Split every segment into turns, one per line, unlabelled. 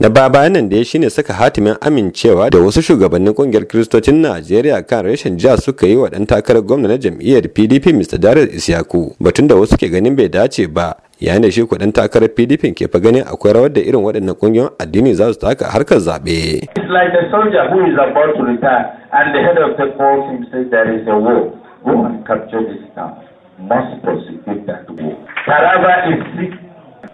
na ba nan da ya shine saka hatimin amincewa da wasu shugabannin kungiyar kiristocin najeriya kan rashin jiya suka yi wa ɗan takarar gwamna na jam'iyyar pdp mr Darius isyaku batun da wasu ke ganin bai dace ba yayin da shi ɗan takarar pdp ke fa ganin akwai rawar da irin waɗannan kungiyoyin addini za su taka harkar zaɓe. it's like a soldier who is about to retire and the head of the force there is a war go and capture this town must prosecute that war. taraba is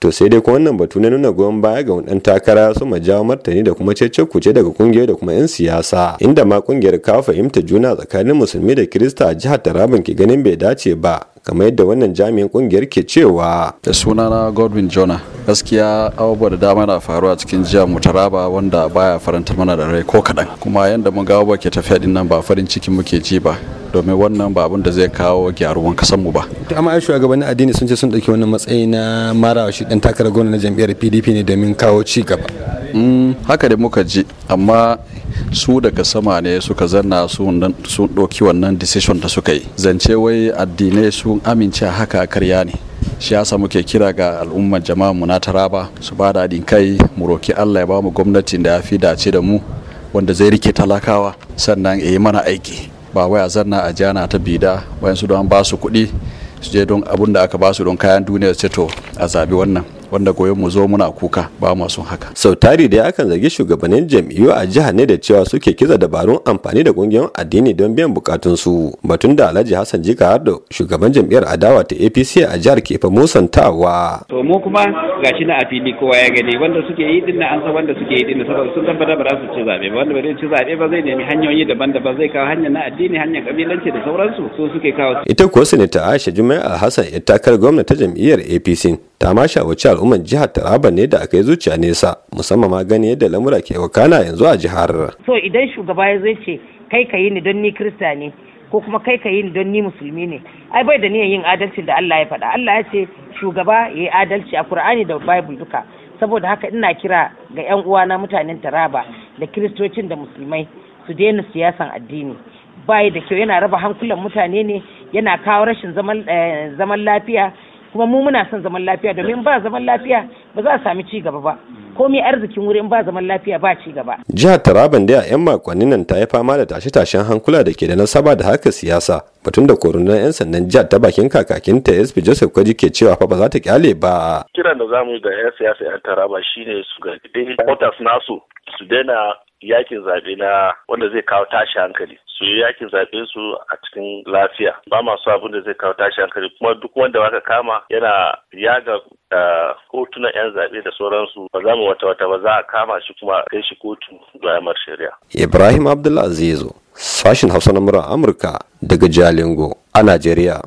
to sai dai kuma wannan batu na nuna goyon baya ga dan takara su jawo martani da kuma cece kuce daga kungiyoyi da kuma yan siyasa inda ma kungiyar kawo fahimta juna tsakanin musulmi da kirista a jihar taraban ke ganin bai dace
ba kamar yadda wannan jami'in kungiyar ke cewa da suna sunana godwin jona gaskiya abubuwa da dama na faruwa cikin jiya mu taraba wanda baya faranta mana da rai ko kaɗan kuma yanda mun ga abubuwa ke tafiya din nan ba farin ciki muke ji ba domin wannan ba abin da zai kawo gyaruwan kasan mu ba
amma ai shugabannin addini sun ce sun dauki wannan matsayi na marawa shi dan takarar gona na jam'iyyar
PDP ne domin kawo ci gaba mm, haka da muka ji amma su daga sama ne suka zanna sun ɗauki wannan decision da suka yi zance wai addinai sun amince haka karya ne shi yasa muke kira ga al'ummar jama'a mu na taraba su ba da haɗin kai mu roki allah ya ba mu gwamnatin da ya fi dace da mu wanda zai rike talakawa sannan ya yi mana aiki ba wai a zanna a jana ta bida su don ba su kuɗi su je don abun da aka ba su don kayan duniya ce to a zabi wannan wanda goyon mu zo muna kuka ba mu sun haka. Sau tari da akan zargi shugabannin jam'iyyu a jihar ne da cewa suke
kiza dabarun amfani da gungiyon addini don biyan bukatun su Batun da Alhaji Hassan Jika Hardo shugaban jam'iyyar adawa ta APC a jihar Kefa musantawa. To mu kuma shi na a fili kowa ya gani wanda suke yi din an san wanda suke yi din saboda sun tabbatar ba za su ci zabe ba wanda ba zai ci zabe ba zai nemi hanyoyi daban-daban zai kawo hanyar na addini hanyar kabilanci da sauransu su suke kawo su. ita kuwa sinita Aisha Juma'a Hassan ya takar gwamnati jam'iyyar APC ta ma shawarci al'ummar jihar Taraba ne da aka yi zuciya nesa musamman ma gani yadda lamura ke wakana yanzu a jihar
so idan shugaba ya zai ce kai ka yi ni don ni kirista ne ko kuma kai ka yi don ni musulmi ne ai bai da niyan yin adalci da Allah ya faɗa Allah ya ce shugaba ya yi adalci a Qur'ani da Bible duka saboda haka ina kira ga yan uwana mutanen Taraba da kiristocin da musulmai su daina siyasan addini bai da kyau yana raba hankulan mutane ne yana kawo rashin zaman eh, lafiya kuma mu muna son zaman lafiya domin ba zaman lafiya ba za a sami ci gaba ba komai arzikin wurin ba zaman lafiya ba ci gaba.
Jihar Taraban da 'yan makonni nan ta yi fama da tashe-tashen hankula da ke da nasaba da haka siyasa batun da korunan 'yan sandan jihar ta bakin kakakin ta SP Joseph Kwaji ke cewa fa ba za ta kyale ba.
Kiran da zamu yi ga 'yan siyasa
'yan Taraba shine su ga dai nasu su daina yakin zaɓe na wanda zai kawo tashi hankali su yi yakin zaɓe su a cikin lafiya ba masu abin da zai kawo tashi hankali kuma duk wanda aka kama yana yaga da kotunan 'yan zaɓe da sauransu ba za mu wata wata ba za a kama shi kuma a kai shi kotu ga doyamar shari'a. Ibrahim
Abdullah Azizu, sashin Hausa na Amurka daga Jalingo a Najeriya.